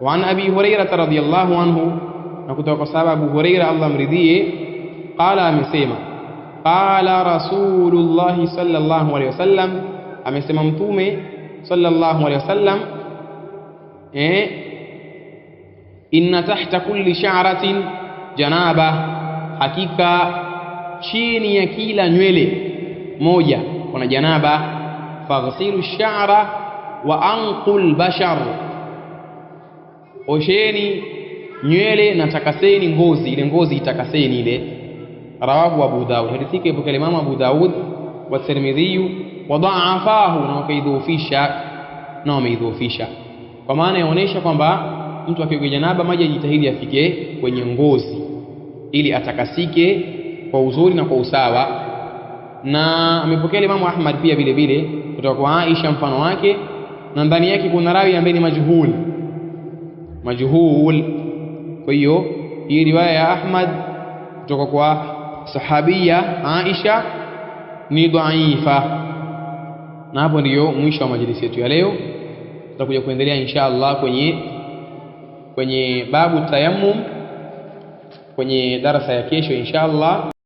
وعن أبي هريرة رضي الله عنه نكتوك سبب هريرة الله مرضيه قال أمسيما قال رسول الله صلى الله عليه وسلم أمسيما متومي صلى الله عليه وسلم إيه إن تحت كل شعرة جنابة حقيقة chini ya kila موجة moja kuna janaba faghsilu shara osheni nywele na takaseni ngozi, ile ngozi itakaseni ile. Rawahu Abu Daud, hadithi hii imamu Imam Abu Daud wa Tirmidhi wa dhaafahu, na wakaidhoofisha na wameidhoofisha, kwa maana yaonesha kwamba mtu akiwa janaba maji ajitahidi afike kwenye ngozi ili atakasike kwa uzuri na kwa usawa. Na amepokea Imam Ahmad pia vile vile kutoka kwa Aisha mfano wake, na ndani yake kuna rawi ambaye ni majhuli majhul. Kwa hiyo hii riwaya ya Ahmad kutoka kwa sahabia Aisha ni dhaifa, na hapo ndiyo mwisho wa majlisi yetu ya leo. Tutakuja kuendelea insha Allah kwenye kwenye babu tayammum kwenye darasa ya kesho insha Allah.